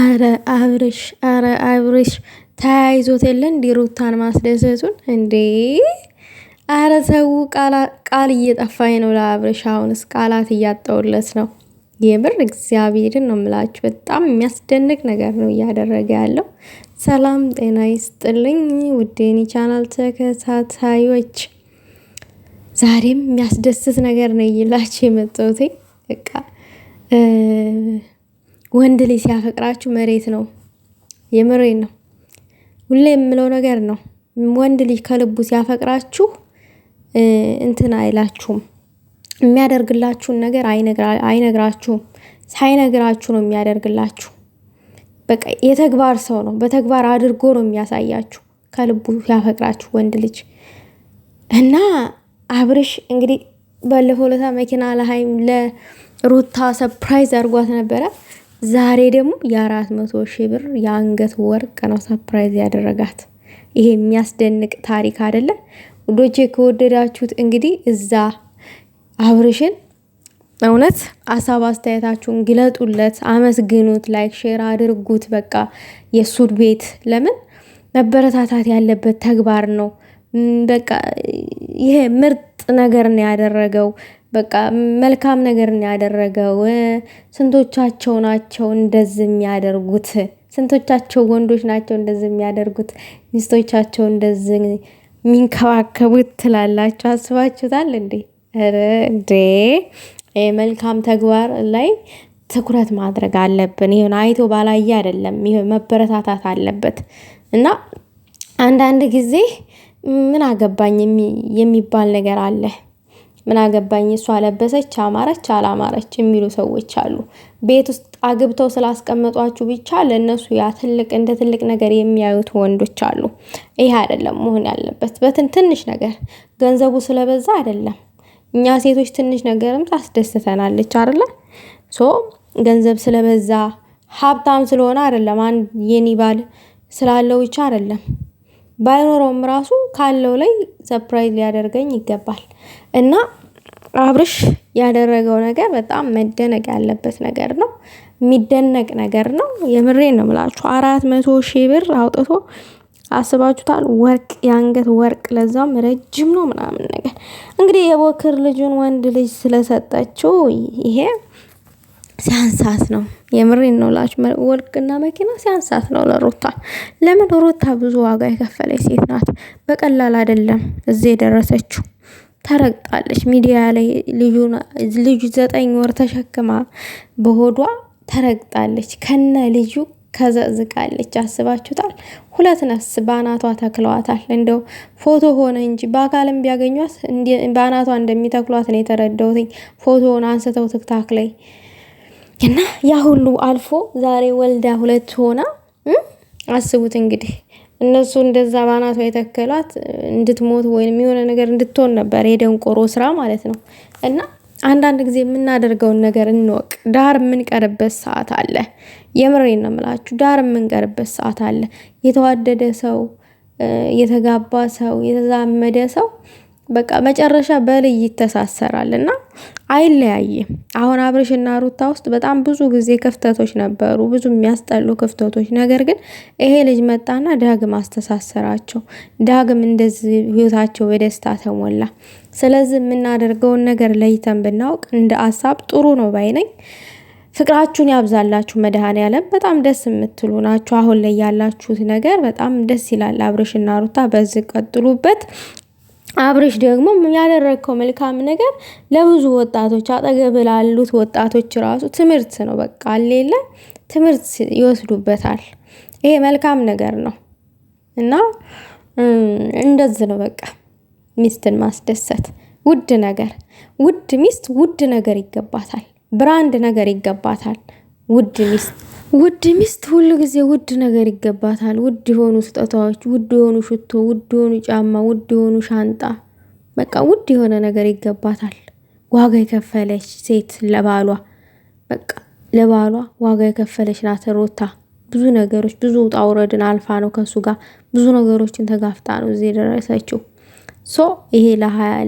አረ አብርሽ አረ አብርሽ ተያይዞት የለ እንዲ ሩታን ማስደሰቱን እንዴ! አረ ሰው ቃል እየጠፋኝ ነው ለአብርሽ። አሁንስ ቃላት እያጣውለት ነው። የምር እግዚአብሔርን ነው የምላችሁ። በጣም የሚያስደንቅ ነገር ነው እያደረገ ያለው። ሰላም ጤና ይስጥልኝ ውዴኒ ቻናል ተከታታዮች፣ ዛሬም የሚያስደስት ነገር ነው እይላችሁ የመጣሁት በቃ ወንድ ልጅ ሲያፈቅራችሁ መሬት ነው። የምሬን ነው። ሁሌ የምለው ነገር ነው። ወንድ ልጅ ከልቡ ሲያፈቅራችሁ እንትን አይላችሁም። የሚያደርግላችሁን ነገር አይነግራችሁም። ሳይነግራችሁ ነው የሚያደርግላችሁ። በቃ የተግባር ሰው ነው። በተግባር አድርጎ ነው የሚያሳያችሁ። ከልቡ ሲያፈቅራችሁ ወንድ ልጅ እና አብርሽ እንግዲህ ባለፈው ለታ መኪና ለሀይም ለሩታ ሰፕራይዝ አድርጓት ነበረ። ዛሬ ደግሞ የአራት መቶ ሺህ ብር የአንገት ወርቅ ነው ሰፕራይዝ ያደረጋት። ይሄ የሚያስደንቅ ታሪክ አይደለ ውዶቼ? ከወደዳችሁት እንግዲህ እዛ አብርሽን እውነት አሳብ አስተያየታችሁን ግለጡለት፣ አመስግኑት፣ ላይክ ሼር አድርጉት። በቃ የእሱድ ቤት ለምን መበረታታት ያለበት ተግባር ነው። በቃ ይሄ ምርጥ ነገር ነው ያደረገው። በቃ መልካም ነገርን ያደረገው ስንቶቻቸው ናቸው እንደዚህ የሚያደርጉት? ስንቶቻቸው ወንዶች ናቸው እንደዚህ የሚያደርጉት ሚስቶቻቸው እንደዚህ የሚንከባከቡት ትላላችሁ? አስባችሁታል እንዴ? እንዴ መልካም ተግባር ላይ ትኩረት ማድረግ አለብን። ይሁን አይቶ ባላየ አይደለም። ይሁን መበረታታት አለበት እና አንዳንድ ጊዜ ምን አገባኝ የሚባል ነገር አለ። ምን አገባኝ እሷ ለበሰች አማረች አላማረች የሚሉ ሰዎች አሉ። ቤት ውስጥ አግብተው ስላስቀመጧችሁ ብቻ ለእነሱ ያ ትልቅ እንደ ትልቅ ነገር የሚያዩት ወንዶች አሉ። ይህ አይደለም መሆን ያለበት። በትን ትንሽ ነገር ገንዘቡ ስለበዛ አይደለም። እኛ ሴቶች ትንሽ ነገርም ታስደስተናለች አይደለ? ሶ ገንዘብ ስለበዛ ሀብታም ስለሆነ አይደለም። አንድ የኒባል ስላለው ብቻ አይደለም። ባይኖረውም ራሱ ካለው ላይ ሰፕራይዝ ሊያደርገኝ ይገባል እና አብርሽ ያደረገው ነገር በጣም መደነቅ ያለበት ነገር ነው። የሚደነቅ ነገር ነው። የምሬን ነው ምላችሁ። አራት መቶ ሺህ ብር አውጥቶ አስባችሁታል። ወርቅ የአንገት ወርቅ ለዛም ረጅም ነው ምናምን ነገር እንግዲህ የቦክር ልጁን ወንድ ልጅ ስለሰጠችው ይሄ ሲያንሳት ነው። የምሬን ነው ላችሁ ወልቅና መኪና ሲያንሳት ነው ለሩታ። ለምን ሩታ ብዙ ዋጋ የከፈለች ሴት ናት። በቀላል አይደለም እዚህ የደረሰችው። ተረግጣለች። ሚዲያ ላይ ልጁ ዘጠኝ ወር ተሸክማ በሆዷ ተረግጣለች። ከነ ልጁ ከዘዝቃለች። አስባችሁታል? ሁለት ነፍስ በአናቷ ተክለዋታል። እንደው ፎቶ ሆነ እንጂ በአካልም ቢያገኟት በአናቷ እንደሚተክሏት ነው የተረዳሁትኝ። ፎቶውን አንስተው ትክታክ ላይ እና ያ ሁሉ አልፎ ዛሬ ወልዳ ሁለት ሆና አስቡት እንግዲህ እነሱ እንደዛ ባናቷ የተከሏት እንድትሞት ወይም የሆነ ነገር እንድትሆን ነበር የደንቆሮ ስራ ማለት ነው። እና አንዳንድ ጊዜ የምናደርገውን ነገር እንወቅ። ዳር የምንቀርበት ሰዓት አለ። የምሬ ነው የምላችሁ፣ ዳር የምንቀርበት ሰዓት አለ። የተዋደደ ሰው፣ የተጋባ ሰው፣ የተዛመደ ሰው በቃ መጨረሻ በልይ ይተሳሰራል እና አይለያይም። አሁን አብርሽና ሩታ ውስጥ በጣም ብዙ ጊዜ ክፍተቶች ነበሩ፣ ብዙ የሚያስጠሉ ክፍተቶች። ነገር ግን ይሄ ልጅ መጣና ዳግም አስተሳሰራቸው፣ ዳግም እንደዚህ ህይወታቸው በደስታ ተሞላ። ስለዚህ የምናደርገውን ነገር ለይተን ብናውቅ እንደ አሳብ ጥሩ ነው ባይነኝ። ፍቅራችሁን ያብዛላችሁ መድኃኔዓለም። በጣም ደስ የምትሉ ናችሁ። አሁን ላይ ያላችሁት ነገር በጣም ደስ ይላል። አብርሽና ሩታ በዚህ ቀጥሉበት። አብርሽ ደግሞ ያደረግከው መልካም ነገር ለብዙ ወጣቶች አጠገብ ላሉት ወጣቶች ራሱ ትምህርት ነው። በቃ ሌለ ትምህርት ይወስዱበታል። ይሄ መልካም ነገር ነው እና እንደዚህ ነው በቃ ሚስትን ማስደሰት ውድ ነገር፣ ውድ ሚስት ውድ ነገር ይገባታል። ብራንድ ነገር ይገባታል። ውድ ሚስት ውድ ሚስት ሁሉ ጊዜ ውድ ነገር ይገባታል። ውድ የሆኑ ስጦታዎች፣ ውድ የሆኑ ሽቶ፣ ውድ የሆኑ ጫማ፣ ውድ የሆኑ ሻንጣ፣ በቃ ውድ የሆነ ነገር ይገባታል። ዋጋ የከፈለች ሴት ለባሏ በቃ ለባሏ ዋጋ የከፈለች ናት ሩታ። ብዙ ነገሮች ብዙ ውጣ ውረድን አልፋ ነው ከሱ ጋር ብዙ ነገሮችን ተጋፍጣ ነው እዚህ የደረሰችው። ሶ ይሄ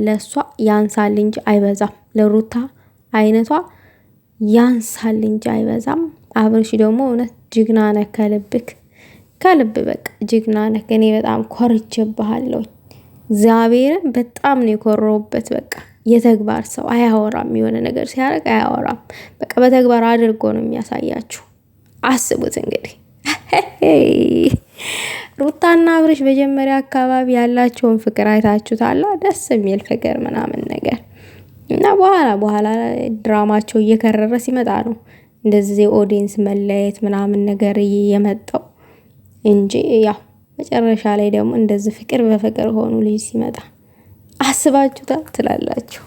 ለእሷ ያንሳል እንጂ አይበዛም። ለሩታ አይነቷ ያንሳል እንጂ አይበዛም። አብርሽ ደግሞ እውነት ጅግና ነህ ከልብክ ከልብ በቃ ጅግና ነህ። እኔ በጣም ኮርቼብሃለሁ። እግዚአብሔርን በጣም ነው የኮረውበት። በቃ የተግባር ሰው አያወራም፣ የሆነ ነገር ሲያደርግ አያወራም። በቃ በተግባር አድርጎ ነው የሚያሳያችሁ። አስቡት እንግዲህ ሩታና አብርሽ መጀመሪያ አካባቢ ያላቸውን ፍቅር አይታችሁታላ። ደስ የሚል ፍቅር ምናምን ነገር እና በኋላ በኋላ ድራማቸው እየከረረ ሲመጣ ነው እንደዚህ ኦዲንስ መለየት ምናምን ነገር የመጣው እንጂ ያው መጨረሻ ላይ ደግሞ እንደዚህ ፍቅር በፍቅር ሆኑ ልጅ ሲመጣ አስባችሁታል ትላላችሁ።